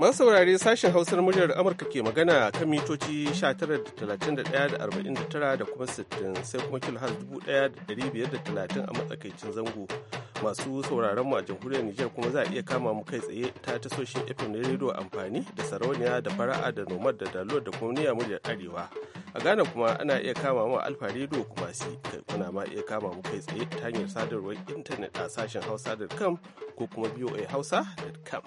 Masu saurare sashen hausar muryar Amurka ke magana kan mitoci 19,31,49 da kuma 60 sai kuma kilhar 1,530 a matsakaicin zango. Masu sauraron mu a jamhuriyar Nijar kuma za a iya kama mu kai tsaye ta tasoshin FM na rediyo amfani da sarauniya da fara'a da nomad da dalo da kuma niyya muryar arewa. A Ghana kuma ana iya kama mu alfa rediyo kuma si kai ma iya kama mu kai tsaye ta hanyar sadarwar intanet a sashen hausa.com ko kuma voa hausa.com.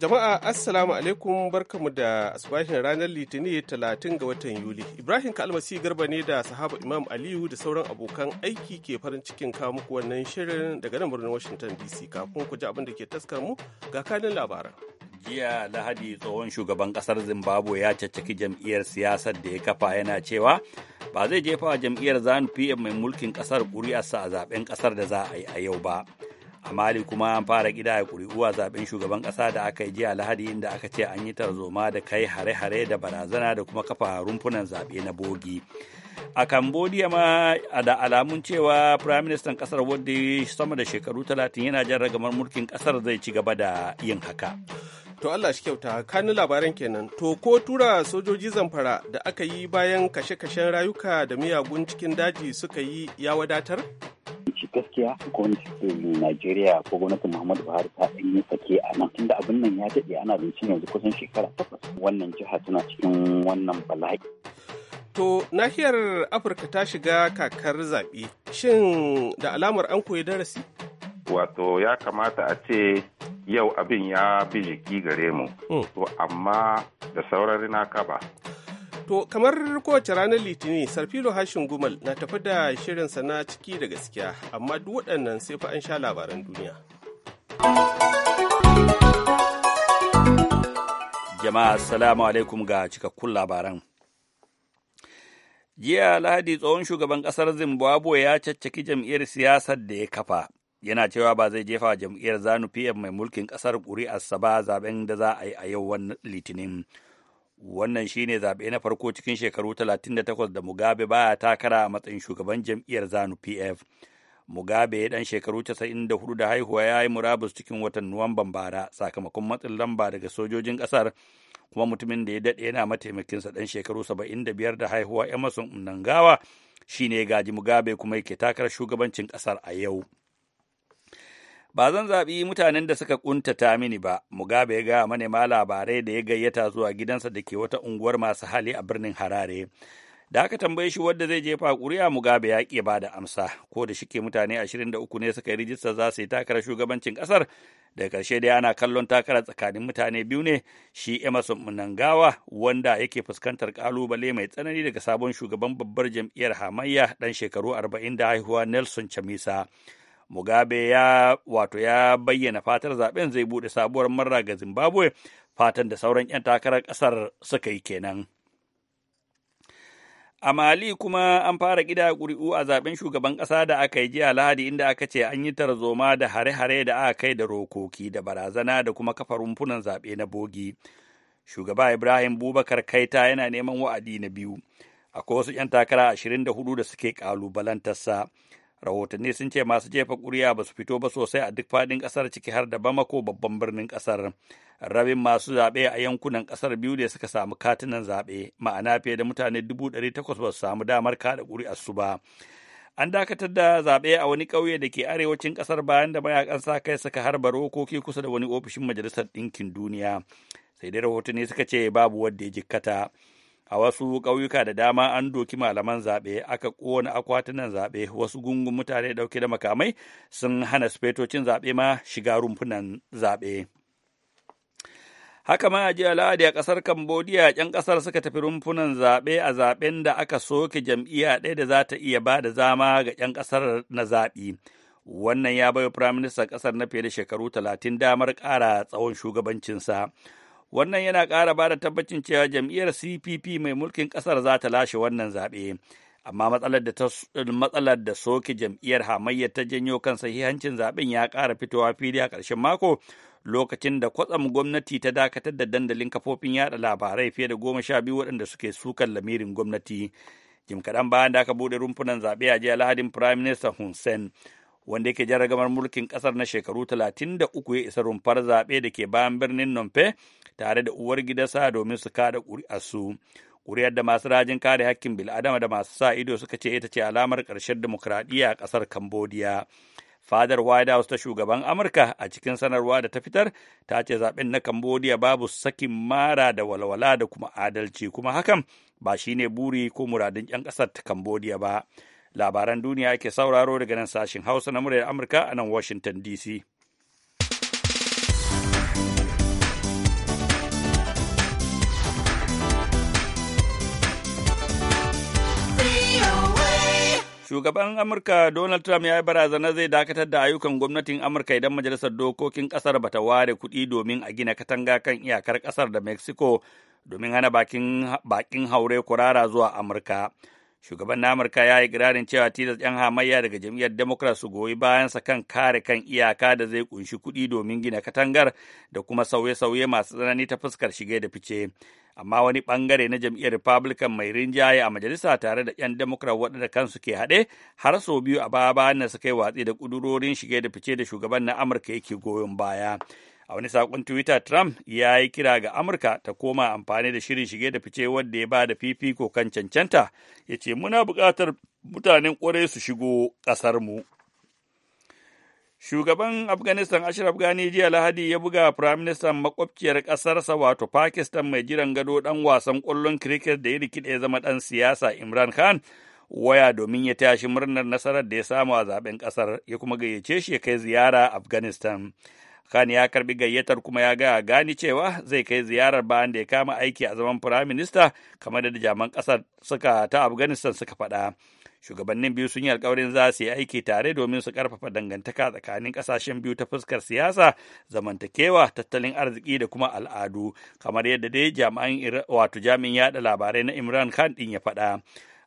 Jama'a Assalamu alaikum barkamu da asubahin ranar Litinin talatin ga watan Yuli. Ibrahim Kalmasi Garba ne da sahaba Imam Aliyu da sauran abokan aiki ke farin cikin kawo muku wannan shirin daga nan birnin Washington DC kafin ku ji abin da ke taskar mu ga kanin labaran. Jiya Lahadi tsohon shugaban kasar Zimbabwe ya caccaki jam'iyyar siyasar da ya kafa yana cewa ba zai jefa wa jam'iyyar ZANU PM mai mulkin kasar ƙuri'arsa a zaben kasar da za a yi a yau ba. a mali kuma an fara gida a kuri'u a zaben shugaban kasa da aka yi jiya lahadi inda aka ce an yi tarzoma da kai hare-hare da barazana da kuma kafa rumfunan zaɓe na bogi a cambodia ma da alamun cewa prime minister kasar wadda sama da shekaru 30 yana jan ragamar mulkin kasar zai ci gaba da yin haka to allah shi kyauta kanin labaran kenan to ko tura sojoji zamfara da aka yi bayan kashe-kashen rayuka da miyagun cikin daji suka yi ya wadatar ci gaskiya gwamnatin Najeriya ko gwamnatin Muhammadu Buhari ta ɗan yi sake a nan tunda abin nan ya daɗe ana bincin yanzu kusan shekara takwas wannan jiha tana cikin wannan bala'i. To nahiyar Afirka ta shiga kakar zaɓe shin da alamar an koyi darasi? Wato ya kamata a ce yau abin ya bi jiki gare mu, hmm. to amma da sauran na kaba. To kamar kowace ranar Litinin, Sarfilo Hashin Gumal na tafi da shirinsa na ciki da gaskiya, amma duk waɗannan sai fa an sha labaran duniya. Jama'a, Assalamu alaikum ga cikakkun labaran. Jiya Lahadi tsohon shugaban kasar Zimbabwe ya caccaki jam'iyyar siyasar da ya kafa. Yana cewa ba zai jefa jam'iyyar Zanu PM mai mulkin kasar ƙuri'arsa ba zaben da za a yi a yau wannan Litinin. wannan shine zaɓe na farko cikin shekaru 38 da mugabe baya takara a matsayin shugaban jam'iyyar zanu pf mugabe ɗan shekaru 94 da haihuwa ya yi murabus cikin watan nuwamban bara sakamakon matsin lamba daga sojojin ƙasar kuma mutumin da ya daɗe yana mataimakinsa ɗan shekaru 75 da haihuwa emerson shi shine gaji mugabe kuma yake takarar shugabancin ƙasar a yau ba zan zaɓi mutanen da suka ƙuntata mini ba mugabe ya gaya manema labarai da ya gayyata zuwa gidansa da ke wata unguwar masu hali a birnin harare da aka tambaye shi wadda zai jefa ƙuri'a mugabe ya ƙi ba da amsa ko da shike mutane ashirin da uku ne suka yi rijista za su yi takarar shugabancin ƙasar da ƙarshe dai ana kallon takarar tsakanin mutane biyu ne shi emerson munangawa wanda yake fuskantar ƙalubale mai tsanani daga sabon shugaban babbar jam'iyyar hamayya ɗan shekaru arba'in da haihuwa nelson chamisa Mugabe ya wato ya bayyana fatar zaben zai bude sabuwar marra ga Zimbabwe fatan da sauran 'yan takarar ƙasar suka yi kenan. A Mali kuma an fara gida ƙuri'u a zaben shugaban ƙasa da aka yi jiya Lahadi inda aka ce an yi tarzoma da hare-hare da aka kai da rokoki da barazana da kuma kafa rumfunan zaɓe na bogi. Shugaba Ibrahim Bubakar Kaita yana neman wa'adi na biyu. Akwai wasu 'yan takara ashirin da hudu da suke ƙalubalantarsa. rahotanni sun ce masu jefa ƙuri'a ba su fito ba sosai a duk faɗin ƙasar ciki har da bamako babban birnin ƙasar rabin masu zaɓe a yankunan ƙasar biyu ne suka samu katunan zaɓe ma'ana fiye da mutane dubu ɗari takwas ba su samu damar kaɗa ƙuri'arsu ba an dakatar da zaɓe a wani ƙauye da ke arewacin ƙasar bayan da mayakan sa kai suka harba rokoki kusa da wani ofishin majalisar ɗinkin duniya sai dai rahotanni suka ce babu wanda ya jikkata a wasu ƙauyuka da dama an doki malaman zaɓe aka ƙona akwatunan zaɓe wasu gungun mutane ɗauke da makamai sun hana sufetocin zaɓe ma shiga rumfunan zaɓe haka ma a jiya la'adi a ƙasar cambodia 'yan ƙasar suka tafi rumfunan zaɓe a zaɓen da aka soke jam'iyya ɗaya da za ta iya ba da zama ga 'yan ƙasar na zaɓi wannan ya baiwa firaministan ƙasar na fiye da shekaru talatin damar ƙara tsawon shugabancinsa. wannan yana ƙara ba da tabbacin cewa jam'iyyar cpp mai mulkin ƙasar za ta lashe wannan zaɓe amma matsalar da soke jam'iyyar hamayya ta janyo kan sahihancin zaɓen ya ƙara fitowa fili a ƙarshen mako lokacin da kwatsam gwamnati ta dakatar da dandalin kafofin yada labarai fiye da goma sha biyu waɗanda suke sukan lamirin gwamnati jim kaɗan bayan da aka buɗe rumfunan zaɓe a jiya lahadin firayim minista hun sen wanda yake jaragamar mulkin kasar na shekaru 33 ya isa rumfar zaɓe da ke bayan birnin Nomfe tare da uwar gidansa domin su kada ƙuri'arsu. Ƙuri'ar da masu rajin kare hakkin bil'adama da masu sa ido suka ce ita ce alamar ƙarshen dimokuraɗiyya a ƙasar Cambodia. Fadar White House ta shugaban Amurka a cikin sanarwa da ta fitar ta ce zaɓen na Cambodia babu sakin mara da walwala da kuma adalci kuma hakan ba shine buri ko muradin 'yan ƙasar ta Cambodia ba. labaran duniya ake sauraro daga nan sashen hausa na muryar amurka a nan washington dc Shugaban Amurka Donald Trump ya yi barazana zai dakatar da ayyukan gwamnatin Amurka idan majalisar dokokin ƙasar bata ware kuɗi domin a gina katanga kan iyakar kasar da Mexico domin hana bakin haure kurara zuwa Amurka. shugaban na amurka ya yi ikirarin cewa tilas 'yan hamayya daga jam'iyyar democrat su goyi bayansa kan kare kan iyaka da zai kunshi kuɗi domin gina katangar da kuma sauye-sauye masu tsanani ta fuskar shige da fice amma wani bangare na jam'iyyar republican mai rinjaye a majalisa tare da 'yan democrat waɗanda kansu ke haɗe har sau biyu a baya bayan da suka yi watsi da ƙudurorin shige da fice da shugaban na amurka yake goyon baya a wani sakon twitter trump ya yi kira ga amurka ta koma amfani da shirin shige da fice wadda ya ba da fifiko kan cancanta ya ce muna buƙatar mutanen ƙwarai su shigo ƙasarmu. mu Shugaban Afghanistan Ashraf Ghani jiya Lahadi ya buga Firaministan makwabciyar ƙasarsa wato Pakistan mai jiran gado dan wasan ƙwallon cricket da ya rikide zama ɗan siyasa Imran Khan waya domin ya tashi murnar nasarar da ya samu a zaben ƙasar ya kuma gayyace shi ya kai ziyara Afghanistan. Khan ya karbi gayyatar kuma ya gaya gani cewa zai kai ziyarar bayan da ya kama aiki a zaman firaminista kamar da jaman kasar suka ta Afghanistan suka faɗa. Shugabannin biyu sun yi alkawarin za su yi aiki tare domin su karfafa dangantaka tsakanin kasashen biyu ta fuskar siyasa, zamantakewa, tattalin arziki da kuma al'adu, kamar yadda dai jami'an wato jami'in yada labarai na Imran Khan din ya faɗa.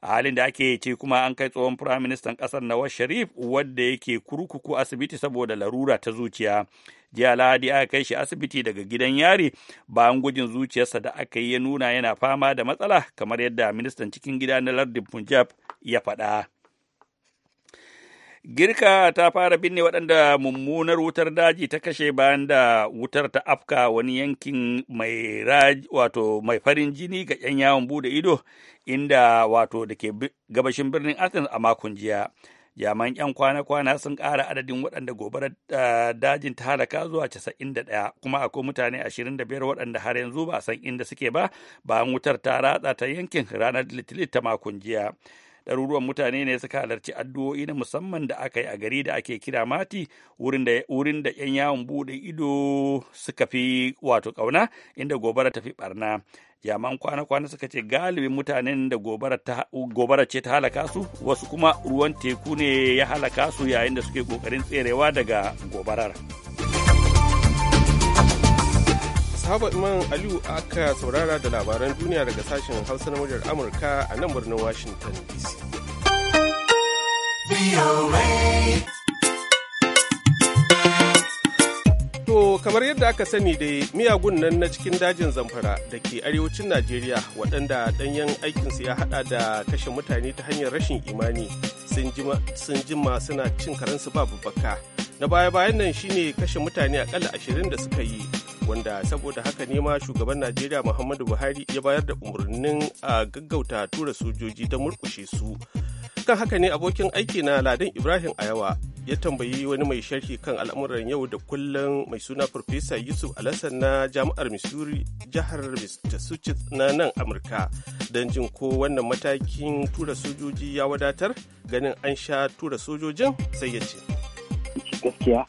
a halin da ake ce kuma an kai tsohon firaministan ƙasar Nawaz Sharif wadda yake kurkuku asibiti saboda larura ta zuciya jiya lahadi aka kai shi asibiti daga gidan yari bayan gujin zuciyarsa da aka yi ya nuna yana fama da matsala kamar yadda ministan cikin gida na lardin punjab ya faɗa girka ta fara binne waɗanda mummunar wutar daji ta kashe bayan da wutar ta afka wani yankin mai wato mai farin jini ga 'yan yawon bude ido inda wato da ke gabashin birnin athens a makon jiya jaman 'yan kwana-kwana sun ƙara adadin waɗanda gobarar eh, dajin ta halaka zuwa 91 kuma akwai mutane 25 waɗanda har yanzu ba san inda suke ba bayan wutar ta ratsa ta yankin ranar litilit ta makon jiya ɗaruruwan mutane ne suka halarci addu'o'i na musamman da aka yi a gari da ake kira mati wurin da 'yan yawon bude ido suka fi wato ƙauna inda gobara ta fi ɓarna jaman kwana-kwana suka ce galibin mutanen da gobara ce ta halaka su wasu kuma ruwan teku ne ya halaka su yayin da suke kokarin tserewa daga gobarar sahaba man aliyu aka saurara da labaran duniya daga sashen hausa na muryar amurka a nan birnin washington dc To kamar yadda aka sani da miyagun nan na cikin dajin zamfara da ke arewacin Najeriya waɗanda ɗanyen aikinsu ya haɗa da kashe mutane ta hanyar rashin imani sun jima suna cin karensu babu baka. Na baya-bayan nan shine kashe mutane akalla ashirin da suka yi wanda saboda haka ne ma shugaban Najeriya Muhammadu Buhari ya bayar da umarnin a gaggauta tura sojoji don murkushe su. Kan haka ne abokin aiki na Ladan Ibrahim Ayawa ya tambayi wani mai sharhi kan al'amuran yau da kullum mai suna Professor Yusuf Alassan na Jami'ar Missouri jihar Massachusetts na nan Amurka don jin ko wannan matakin tura sojoji ya wadatar ganin an sha tura sojojin sai ya ce. Gaskiya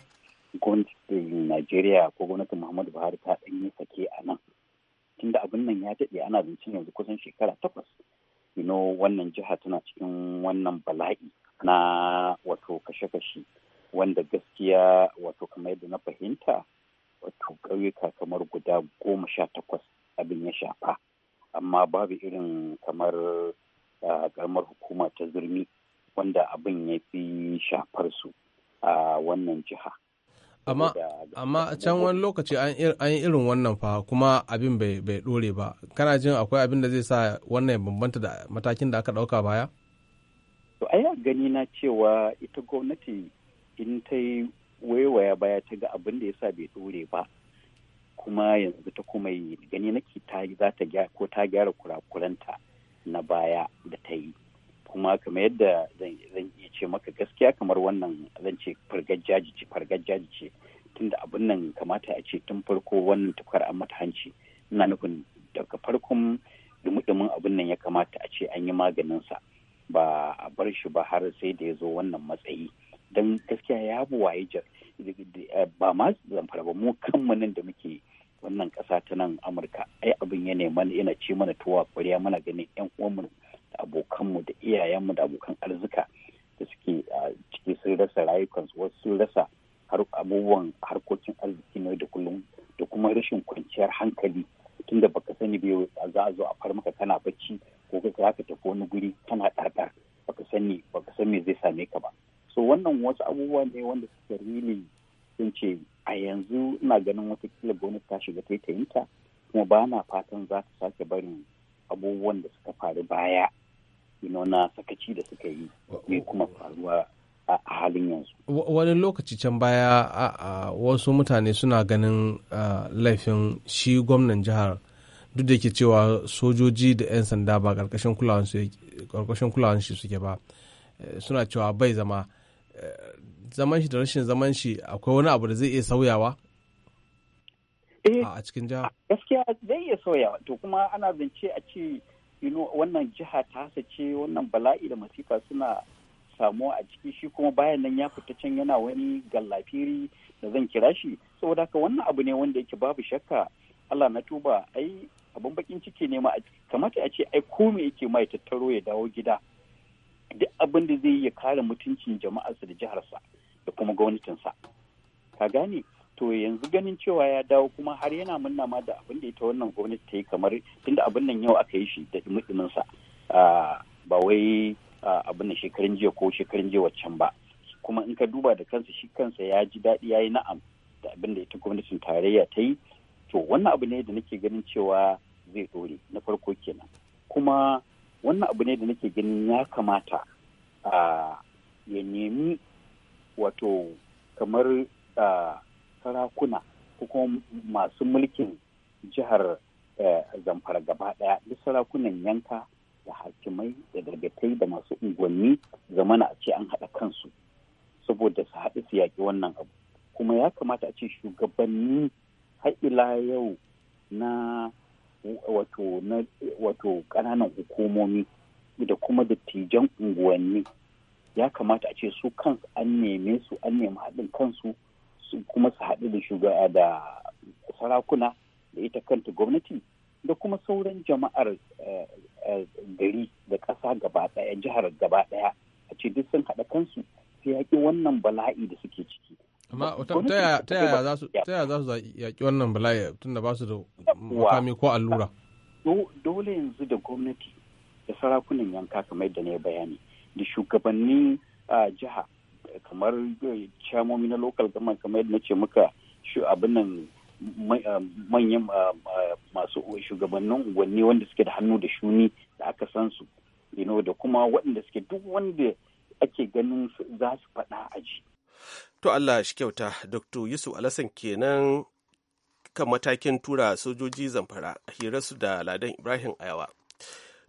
gwamnatin Najeriya ko gwamnatin Muhammadu Buhari ta ɗanyi sake a nan. Tunda abin nan ya daɗe ana bincin yanzu kusan shekara takwas you know wannan jiha tana cikin wannan bala'i na wato kashe-kashe wanda gaskiya wato kamar yadda na fahimta wato ƙauyuka kamar guda goma sha takwas abin ya shafa amma babu irin kamar karamar hukuma ta zurmi wanda abin ya fi shafar su a wannan jiha amma can wani lokaci an yi irin wannan fa kuma abin bai dore ba kana jin akwai abin da zai sa wannan bambanta da matakin da aka dauka baya to ai gani na cewa ita gwamnati in ta yi waiwaya baya ta ga abin da ya sa bai dore ba kuma yanzu ta kuma yi gani nake ta za ta gyara ko ta gyara kurakuranta na baya da ta yi kuma kamar yadda zan iya ce maka gaskiya kamar wannan zan ce jajice fargar jajice tunda abin nan kamata a ce tun farko wannan tukar an mata hanci ina nufin daga farkon dumudumin abin nan ya kamata a ce an yi maganin sa ba a bar shi ba har sai da ya zo wannan matsayi don gaskiya ya buwaye ba ma zamfara ba mu mu nan da muke wannan kasa ta nan amurka ai abin ya nema yana ce mana tuwa ƙwarya mana ganin yan uwanmu da abokanmu da iyayenmu da abokan arzika da suke ah, sun rasa rayukansu wasu sun rasa abubuwan harkokin arziki na da kullum da kuma rashin kwanciyar hankali tunda baka sani bai za a zo a far maka kana bacci ko ka za ka tafi wani guri kana ɗarɗar baka sani baka san me zai same ka ba so wannan wasu abubuwa ne wanda suke rili sun ce a yanzu ina ganin wata kila gwamnati ta shiga taitayinta kuma ba na fatan za ta sake barin abubuwan da suka faru baya you sakaci da suka yi ne kuma faruwa a halin yanzu. Wani lokaci can baya wasu mutane suna ganin laifin shi gwamnan jihar duk da ke cewa sojoji da 'yan sanda ba ƙarƙashin kulawan shi suke ba eh, suna cewa bai zama eh, zaman shi da rashin zaman shi akwai wani abu da zai iya sauyawa eh, a cikin jiha gaskiya zai iya sauyawa to kuma ana zance a ce wannan jiha ta ce wannan bala'i da masifa suna samu a ciki shi kuma bayan nan ya fita can yana wani gallafiri da zan kira shi saboda haka wannan abu ne wanda yake babu shakka Allah na tuba ai abin bakin ciki ne ma kamata a ce ai ko me yake mai tattaro ya dawo gida duk abin da zai yi ya kare mutuncin jama'arsa da jiharsa da kuma gwamnatinsa ka gane to yanzu ganin cewa ya dawo kuma har yana munna ma da abin da ita wannan gwamnati ta yi kamar tunda abin nan yau aka yi shi da dumudumin sa ah, ba wai abin da shekarun jiya ko shekarun jiya waccan ba kuma in ka duba da kansa shi kansa ya ji daɗi ya yi na'am da abin da ita gwamnatin tarayya ta yi to wannan abu ne da nake ganin cewa zai dore na farko kenan kuma wannan abu ne da nake ganin ya kamata ya nemi wato kamar sarakuna ko kuma masu mulkin jihar eh, zamfara gaba ɗaya duk sarakunan yanka da hakimai da dagatai da masu unguwanni zamana a ce an haɗa kansu saboda su haɗu su yaƙi wannan abu kuma ya kamata a ce shugabanni har ila yau na wato ƙananan hukumomi da kuma dattijan unguwanni ya kamata a ce su kansu an neme su an nemi haɗin kansu su kuma su haɗu da shugaba da sarakuna da ita kanta gwamnati da kuma sauran jama'ar eh, gari da ƙasa gaba ɗaya jihar gaba ɗaya a ce duk sun haɗa kansu su yaƙi wannan bala'i da suke ciki. Amma ta yaya za su yaƙi wannan bala'i da ba su da makami ko allura? Dole yanzu da gwamnati da sarakunan yanka kamar da yi bayani da shugabannin jiha kamar eh, camomi na lokal gama kamar yadda na ce muka abin nan Eh, manyan eh, eh, masu shugabannin unguwanni wanda suke da hannu da shuni da aka san su da kuma waɗanda suke duk wanda ake ganin za su faɗa a ji. To Allah shi kyauta, Dr. Yusuf Alasan kenan kan matakin tura sojoji zamfara a hirarsu da Ladan Ibrahim Ayawa.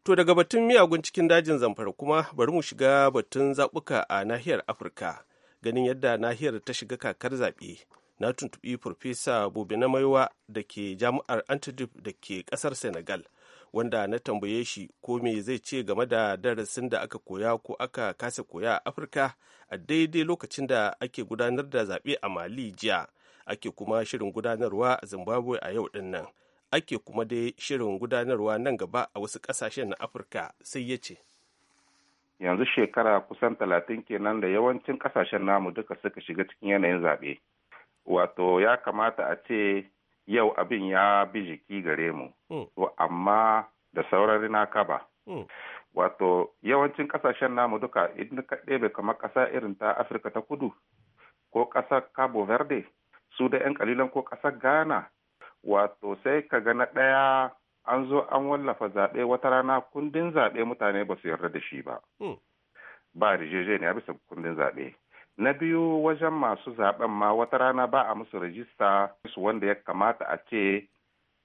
To daga batun miyagun cikin dajin zamfara kuma bari mu shiga batun zaɓuka a nahiyar Afirka ganin yadda nahiyar ta shiga kakar zaɓe. na tuntubi Farfesa gobe na Maiwa da ke jami'ar Antidip da ke ƙasar Senegal, wanda na tambaye shi ko me zai ce game da darasin da aka koya ko aka kasa koya a Afirka a daidai lokacin da ake gudanar da zaɓe a Mali jiya, ake kuma shirin gudanarwa a Zimbabwe a yau ɗin nan, ake kuma dai shirin gudanarwa nan gaba a wasu ƙasashen na Afirka sai ya ce. Yanzu shekara kusan talatin kenan da yawancin ƙasashen namu duka suka shiga cikin yanayin zaɓe. wato ya kamata a ce yau abin ya bi jiki gare mu hmm. to amma da sauran na kaba hmm. wato yawancin kasashen namu duka idan ka ɗebe kamar ƙasa irin ta afirka ta kudu ko ƙasar cabo verde su da 'yan kalilan ko ƙasar ghana wato sai ka ga na ɗaya an zo an wallafa zaɓe wata rana kundin zaɓe mutane ba su yarda da shi ba hmm. ba ne rijejeniya bisa kundin zaɓe na biyu wajen masu zaben ma wata rana ba a musu rajista su wanda ya kamata a ce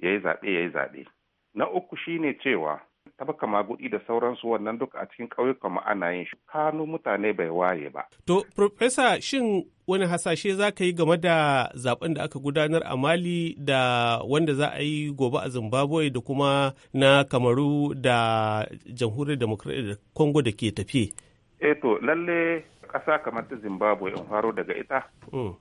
ya yi zaɓe ya yi zaɓe na uku shine cewa tabaka magudi da sauransu wannan duk a cikin ƙauyukan mu ana yin shi kanu mutane bai waye ba to profesa shin wani hasashe za ka yi game da zaben da aka gudanar a mali da wanda za a yi gobe a zimbabwe da kuma na kamaru da jamhuriyar demokradiyyar congo da ke tafiye eto eh lalle ƙasa kamar ta zimbabwe in faro daga ita hmm.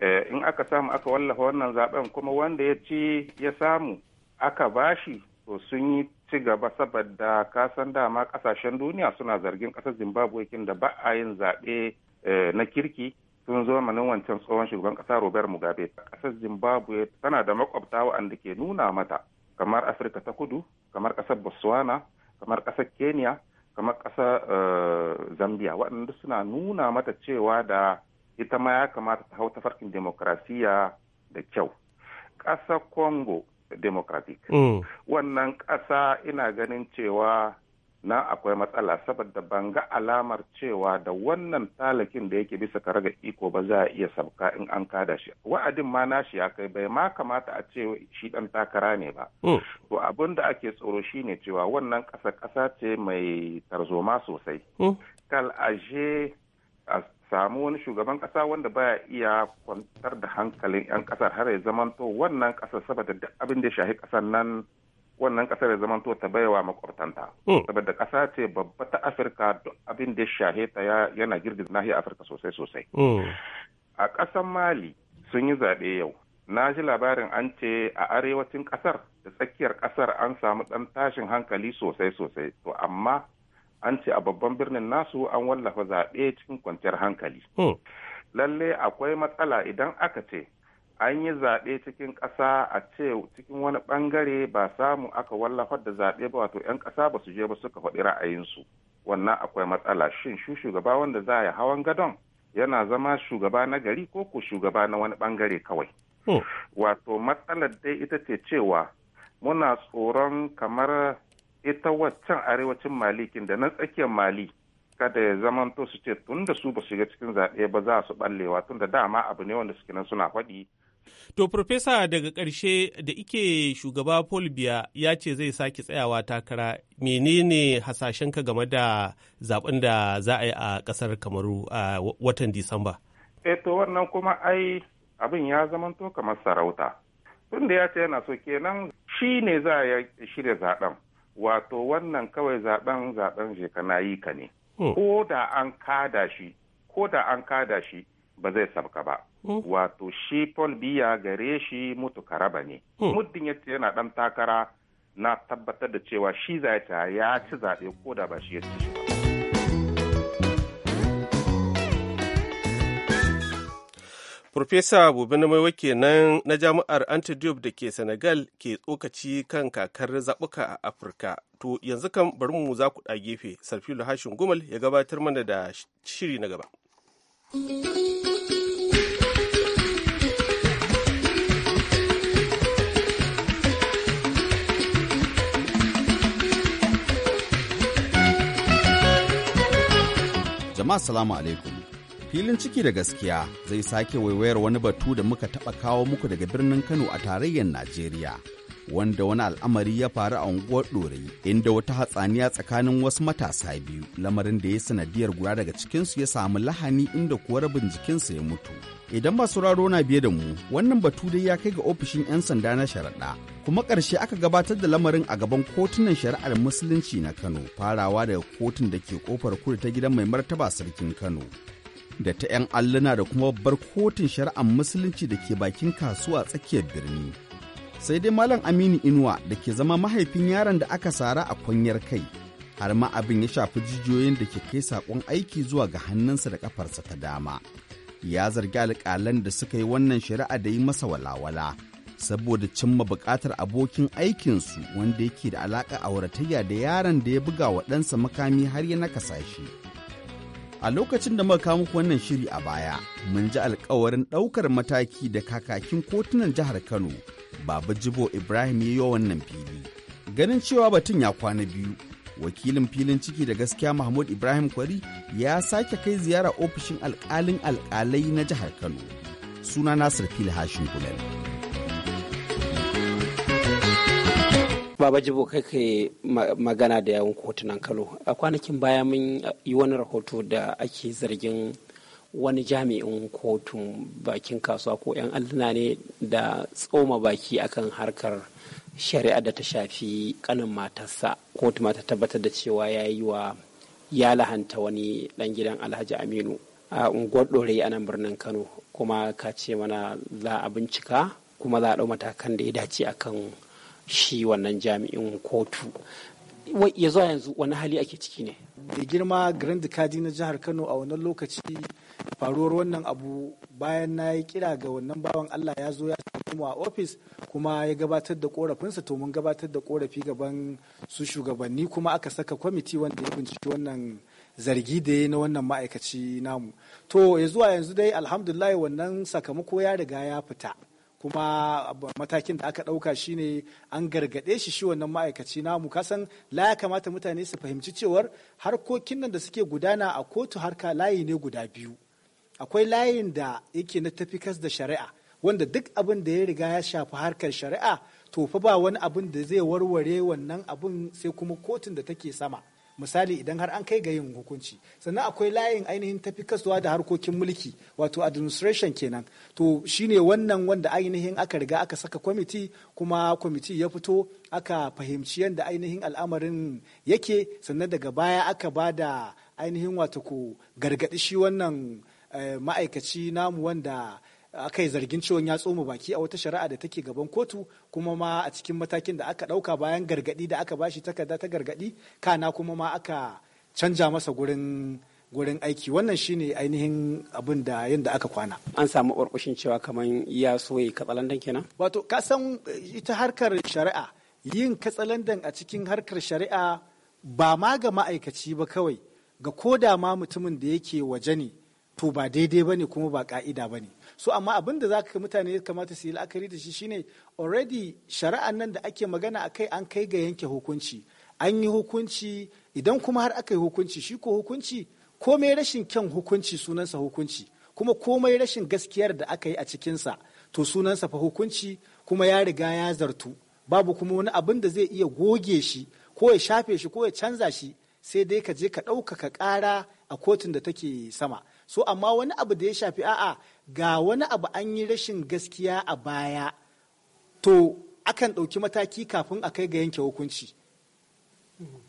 eh, in aka samu aka wallafa wannan zaben kuma wanda ya ci ya samu aka bashi to sun yi ci gaba saboda kasan dama kasashen duniya suna zargin ƙasar zimbabwe kin da ba a yin zaɓe eh, na kirki sun zo manin wancan tsohon shugaban ƙasa robert mugabe ƙasar zimbabwe tana da makwabta wa'anda ke nuna mata kamar afirka ta kudu kamar ƙasar botswana kamar ƙasar kenya kamar ƙasa eh, zambia waɗanda suna nuna mata cewa da ita ma ya kamata ta hau farkin demokrasiya da kyau ƙasa congo democratic mm. wannan ƙasa ina ganin cewa na akwai matsala saboda ban ga alamar cewa da wannan talakin da yake bisa karaga iko ba za a iya sabka in an ka da shi wa'adin ma na shi ya kai bai ma kamata a ce shi dan takara ne ba hmm. to abin da ake tsoro shine cewa wannan kasa kasa ce mai tarzoma sosai hmm. kal aje a samu wani shugaban ƙasa wanda baya iya kwantar da hankalin 'yan ƙasar har ya zamanto wannan ƙasa saboda abin da ya shahi ƙasar nan wannan kasar ya zamanto ta baiwa makwabtanta hmm. saboda kasa ce babba ta afirka abin da ya shahe ta yana girgiz nahiyar afirka sosai sosai hmm. a ƙasar mali sun yi zaɓe yau na ji labarin an ce a arewacin ƙasar da tsakiyar ƙasar an samu ɗan tashin hankali sosai sosai to amma an ce a babban birnin nasu an wallafa zaɓe cikin kwanciyar hankali hmm. lalle akwai matsala idan aka ce an yi zaɓe cikin ƙasa a ce cikin wani ɓangare ba samu aka wallafar da zaɓe ba wato 'yan ƙasa ba su je ba suka faɗi ra'ayinsu wannan akwai matsala shin shi shugaba wanda za ya hawan gadon yana zama shugaba na gari ko ko shugaba na wani ɓangare kawai hmm. wato matsalar dai ita ce cewa muna tsoron kamar ita waccan arewacin malikin da na tsakiyar mali kada ya zamanto su ce tun da su ba shiga cikin zaɓe ba za su ɓallewa tunda da dama abu ne wanda suke nan suna faɗi To, Profesa daga ƙarshe da ike shugaba Paul Biya ya ce zai sake tsayawa takara menene hasashen ka game da zaben da za a yi a ƙasar Kamaru a watan Disamba? Eh to wannan kuma ai abin ya zamanto kamar sarauta. Tun da ya ce yana so kenan shi ne za a shirya zaɓen. Wato wannan kawai zaɓen-zaɓen je na yi ka ne. Hmm. Ko da an kada shi, ko da an kada shi, ba zai sabka ba hmm. wato shi Paul Biya gare shi mutu karaba ne hmm. muddin yace yana dan takara na tabbatar da cewa shi zai ta ya ci zaɓe ko da ba shi ya ci shi ba Profesa Bobi na Maiwa na jami'ar antidub da ke Senegal ke tsokaci kan kakar zaɓuka a Afirka. To yanzu kan bari mu za ku ɗage gefe, Sarfilu Hashin Gumal ya gabatar mana da shiri na gaba. Jama'a salamu alaikum. Filin ciki da gaskiya zai sake waiwayar wani batu da muka taɓa kawo muku daga birnin Kano a tarayyar Najeriya. wanda wani al'amari ya faru a unguwar ɗorayi inda wata hatsaniya tsakanin wasu matasa biyu lamarin da ya sanadiyar guda daga cikinsu ya samu lahani inda kuwa rabin jikinsa ya mutu idan ba sauraro na biye da mu wannan batu dai ya kai ga ofishin 'yan sanda na sharaɗa kuma ƙarshe aka gabatar da lamarin a gaban kotunan shari'ar musulunci na kano farawa daga kotun da ke kofar kudu ta gidan mai martaba sarkin kano da ta 'yan alluna da kuma babbar kotun shari'ar musulunci da ke bakin kasuwa tsakiyar birni sai dai malam aminu inuwa da ke zama mahaifin yaron da aka sara a kwanyar kai har ma abin ya shafi jijiyoyin da ke kai saƙon aiki zuwa ga hannunsa da ƙafarsa ta dama ya zargi alƙalan da suka yi wannan shari'a da yi masa walawala saboda cimma buƙatar abokin aikinsu wanda yake da alaƙa auratayya da yaron da ya buga wa ɗansa makami har ya nakasa shi a lokacin da muka kawo wannan shiri a baya mun ji alkawarin ɗaukar mataki da kakakin kotunan jihar kano Baba Jibo Ibrahim ya yi wannan fili. Ganin cewa batun ya kwana biyu, wakilin filin ciki da gaskiya Mahmud Ibrahim Kwari ya sake kai ziyara ofishin alkalin alkalai na jihar Kano. Suna Nasir Fili Hashin Kumel. Baba Jibo kai ka magana da yawon kotunan Kano. A kwanakin baya mun yi wani rahoto da ake zargin wani jami'in kotun bakin kasuwa ko 'yan alluna ne da tsoma baki akan harkar shari'a da ta shafi kanin matarsa kotu ta tabbatar da cewa ya yi wa ya lahanta wani dan gidan alhaji aminu a unguwar ɗorayi a nan birnin kano kuma ka ce mana za a bincika kuma za a ɗau matakan da ya dace akan shi wannan jami'in kotu ya zuwa yanzu wani hali ake ciki ne da girma grand kadi na jihar kano a wannan lokaci faruwar wannan abu bayan na yi kira ga wannan bawan Allah ya zo ya mu a ofis kuma ya gabatar da korafinsa to mun gabatar da korafi gaban su shugabanni kuma aka saka kwamiti wanda ya binciki wannan zargi da ya na wannan ma'aikaci namu to ya zuwa yanzu dai alhamdulillah wannan sakamako ya riga ya fita kuma matakin da aka ɗauka shine an gargaɗe shi shi wannan ma'aikaci namu kasan la ya kamata mutane su fahimci cewar harkokin nan da suke gudana a kotu harka layi ne guda biyu akwai layin da yake na tafikas da shari'a wanda duk abin da ya riga ya shafi harkar shari'a to fa ba wani abin da zai warware wannan abin sai kuma kotun da take sama misali idan har an kai ga yin hukunci sannan akwai layin ainihin tafi kasuwa da harkokin mulki wato administration kenan to shine wannan wanda ainihin aka riga aka saka kwamiti kuma kwamiti ya fito aka fahimci yadda ainihin al'amarin yake sannan daga baya aka ba da ainihin wato ku gargaɗi shi wannan Eh, ma'aikaci namu wanda aka yi zargin ciwon ya tsoma baki a wata shari'a da take gaban kotu kuma ma a cikin matakin da aka ɗauka bayan gargaɗi da aka bashi takarda ta gargaɗi kana kuma ma aka canja masa gurin gurin aiki wannan shine ainihin abin da yadda aka kwana an samu ɓarɓashin cewa kamar ya so katsalandan kenan wato ka san eh, ita harkar shari'a yin katsalandan a cikin harkar shari'a ba ma ga ma'aikaci ba kawai ga koda ma mutumin da yake waje ne to ba daidai ba ne kuma ba ka'ida ba ne so amma abin da za ka mutane kamata su yi la'akari da shi shine already shari'an nan da ake magana a kai an kai ga yanke hukunci an yi hukunci idan kuma har aka yi hukunci shi ko hukunci komai rashin kyan hukunci sunansa hukunci kuma komai rashin gaskiyar da aka yi a cikinsa to sunansa fa hukunci kuma ya riga ya zartu babu kuma wani abin da zai iya goge shi ko ya shafe shi ko ya canza shi sai dai ka je ka ɗaukaka ƙara a kotun da take sama so amma wani abu da ya shafi a'a ga wani abu an yi rashin gaskiya a baya to akan ɗauki mataki kafin a kai ga yanke hukunci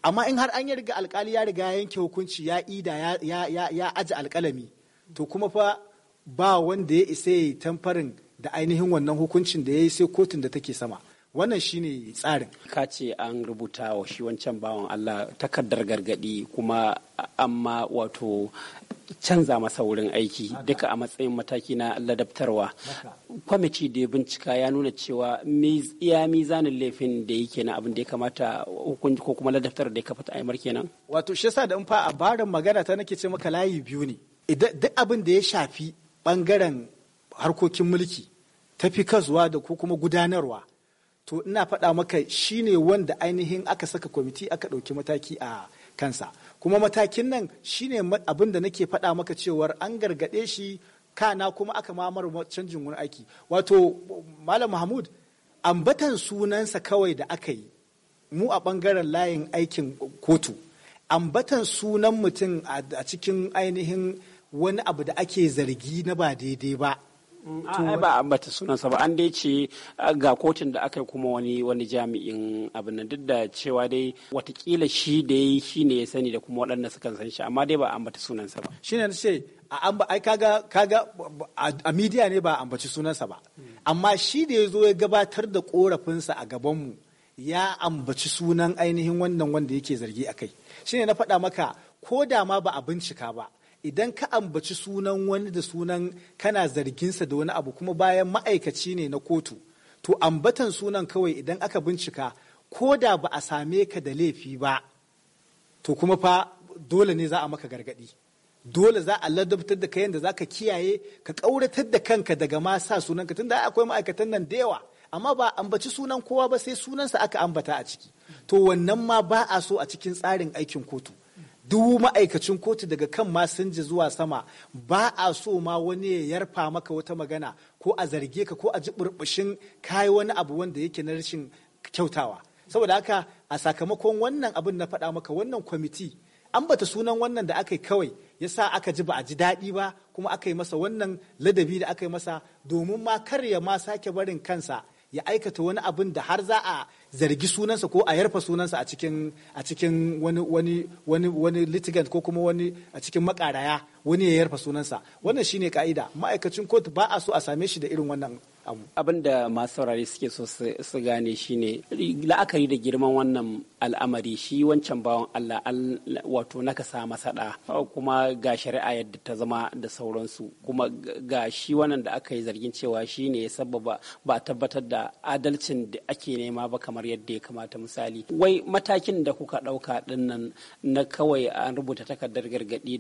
amma in har an yi riga alkali ya riga yanke hukunci ya ida ya aji alkalami to kuma fa ba wanda ya isa ya yi tamfarin da ainihin wannan hukuncin da ya yi sai kotun da take sama wannan shine tsarin ka ce an rubuta wa shi wancan bawan Allah takardar gargadi kuma amma wato canza masa wurin aiki duka a matsayin mataki na ladabtarwa kwamiti da ya bincika ya nuna cewa ya mizanin laifin da yake na abin da ya kamata hukunci ko kuma ladabtar da ya kafa ta'aimar kenan wato shi yasa da in fa a barin magana ta nake ce maka layi biyu ne duk abin da ya shafi bangaren harkokin mulki tafi kazuwa da ko kuma gudanarwa to ina faɗa maka shine wanda ainihin aka saka kwamiti aka ɗauki mataki a kansa kuma matakin nan shine abin da nake faɗa maka cewar an gargaɗe shi kana kuma aka mamar canjin wani aiki wato malam mahmud ambatan sunansa kawai da aka yi mu a ɓangaren layin aikin kotu ambatan sunan mutum a cikin ainihin wani abu da ake zargi na ba daidai ba ai ba ambata sunansa ba an dai ce ga kotun da aka yi kuma wani wani jami'in abin nan duk da cewa dai watakila shi da yi shi ne ya sani da kuma waɗanda suka san shi amma dai ba ambata sunansa ba shi ne ce ai kaga kaga a midiya ne ba ambaci sunansa ba amma shi da ya zo ya gabatar da korafinsa a gaban mu ya ambaci sunan ainihin wannan wanda yake zargi a kai shi ne na faɗa maka ko da ma ba a bincika ba idan ka ambaci sunan wani da sunan kana zarginsa da wani abu kuma bayan ma'aikaci ne na kotu to ambatan sunan kawai idan aka bincika ko da ba a same ka da laifi ba to kuma fa dole ne za a maka gargadi dole za a ladabtar da kayan da za ka kiyaye ka ƙauratar da kanka daga ma sa sunanka tunda akwai ma'aikatan nan da yawa amma ba ambaci sunan kowa ba sai sunansa aka ambata a ciki to wannan ma ba a so a cikin tsarin aikin kotu dubu ma'aikacin kotu daga kan masinja zuwa sama ba a so ma wani ya yarfa maka wata magana ko a zarge ka ko a ji burbushin kayi wani abu wanda yake na rashin kyautawa saboda haka a sakamakon wannan abin na faɗa maka wannan kwamiti an bata sunan wannan da aka yi kawai ya sa aka ji ba a ji daɗi ba kuma aka yi masa wannan ladabi da aka yi masa domin ma kar ya ma sake barin kansa ya aikata wani abin da har za a zargi sunansa ko a yarfa sunansa a cikin wani wani wani litigant ko kuma wani a cikin makaraya wani ya yarfa sunansa wannan shine ka'ida ma'aikacin kotu ba a so a same shi da irin wannan abin da masu saurari suke so su gane shine la'akari da girman wannan al'amari shi wancan bawan Allah wato na kasa masada kuma ga shari'a yadda ta zama da sauransu kuma ga shi wannan da aka yi zargin cewa shi ne ya sababa ba tabbatar da adalcin da ake nema ba kamar yadda ya kamata misali wai matakin da kuka ɗauka dinnan na kawai an rubuta takardar gargaɗi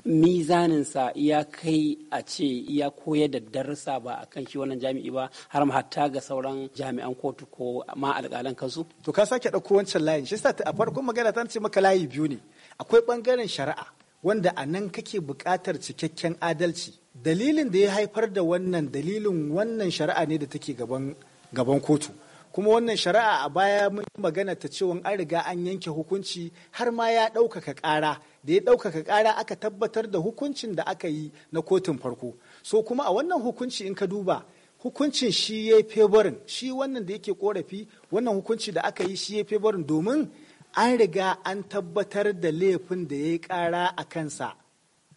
sa ya kai a ce ya koyar da darussa ba akan shi wannan jami'i ba har ma hatta ga sauran jami'an kotu ko ma alƙalan kansu. To ka sake ɗauko wancan layin shi a farkon magana ta ce maka layi biyu ne akwai ɓangaren shari'a wanda a nan kake buƙatar cikakken adalci dalilin da ya haifar da wannan dalilin wannan shari'a ne da take gaban gaban kotu. kuma wannan shari'a a baya mun magana ta cewa an riga an yanke hukunci har ma ya ɗaukaka ƙara da ya ɗaukaka ƙara aka tabbatar da hukuncin da aka yi na kotun farko so kuma a wannan hukunci in ka duba hukuncin shi ya febarin shi wannan da yake korafi wannan hukunci da aka yi shi ya febarin domin an riga an tabbatar da laifin da ya yi kara a kansa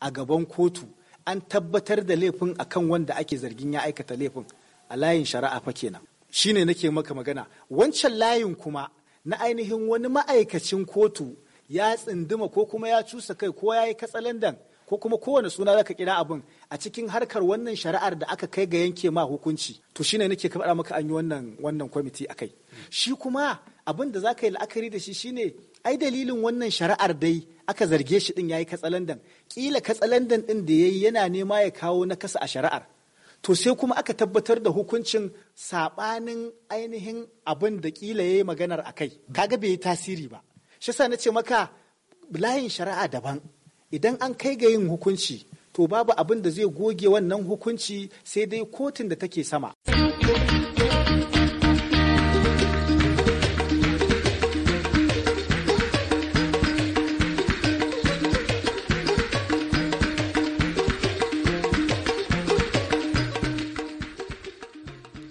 a gaban kotu an tabbatar da laifin a kan wanda ake zargin ya aikata laifin a layin shari'a fa kenan shi ne nake maka magana wancan layin kuma na ainihin wani ma'aikacin kotu ya tsinduma ko kuma ya cusa kai ko ya yi katsalandan ko kuma kowane suna zaka kira abin a cikin harkar wannan shari'ar da aka kai ga yanke ma hukunci to shine nake faɗa maka an yi wannan wannan kwamiti akai shi kuma abin da zaka yi la'akari da shi shine ai dalilin wannan shari'ar dai aka zarge shi din yayi katsalandan kila katsalandan din da yayi yana nema ya kawo na kasa a shari'ar to sai kuma aka tabbatar da hukuncin sabanin ainihin abin da kila yayi maganar akai kaga bai yi tasiri ba shi na nace maka layin shari'a daban idan an kai ga yin hukunci to babu abin da zai goge wannan hukunci sai dai kotun da take sama.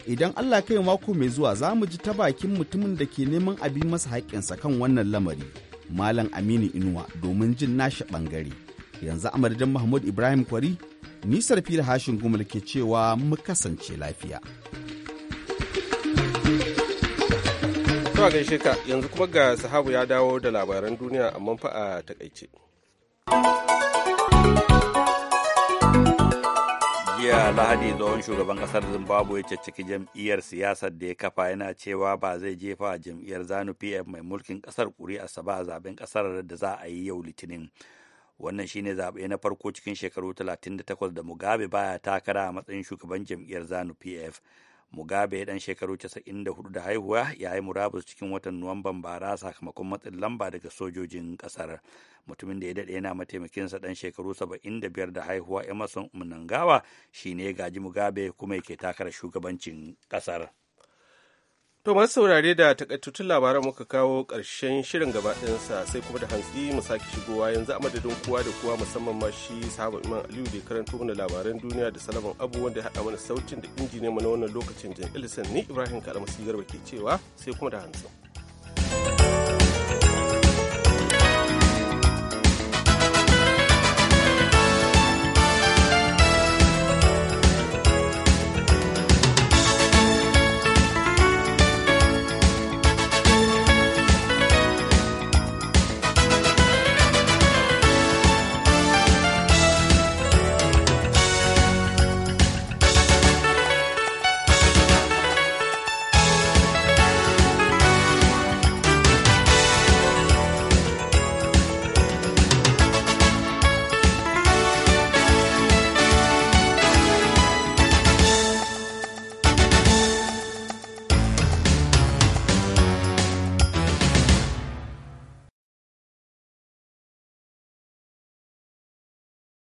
idan Allah kai mako mai zuwa za mu ji ta bakin mutumin da ke neman abin masa haƙƙinsa kan wannan lamari. Malam Aminu Inuwa domin jin nashi ɓangare. Yanzu amadadin Mahmud Ibrahim Kwari, nisar fili hashin gumul ke cewa mu kasance lafiya. Tuwa gaishe ka yanzu kuma ga sahabu ya dawo da labaran duniya amma fa a takaice. jiya lahadi tsohon shugaban kasar zimbabwe ya cikin jam'iyyar siyasar da ya kafa yana cewa ba zai jefa jam'iyyar zanu pf mai mulkin kasar kuri'arsa ba a zaben kasar da za a yi yau litinin wannan shine zaɓe na farko cikin shekaru 38 da mugabe baya takara a matsayin shugaban jam'iyyar zanu pf mugabe dan shekaru 94 da haihuwa ya yi murabus cikin watan nuwamban bara sakamakon matsin lamba daga sojojin kasar mutumin da ya daɗe yana mataimakinsa dan shekaru 75 da haihuwa emerson mnangawa ne gaji mugabe kuma yake takara shugabancin kasar To masu saurare da takaitattun labaran muka kawo ƙarshen shirin gaba ɗinsa sai kuma da hantsi mu sake shigowa yanzu a madadin kowa da kowa musamman ma shi sahaba Iman Aliyu da karanto mana labaran duniya da salaman abu wanda ya haɗa mana sautin da injiniya mana wannan lokacin Jan ilisan ni Ibrahim Kalamasi Garba ke cewa sai kuma da hantsi.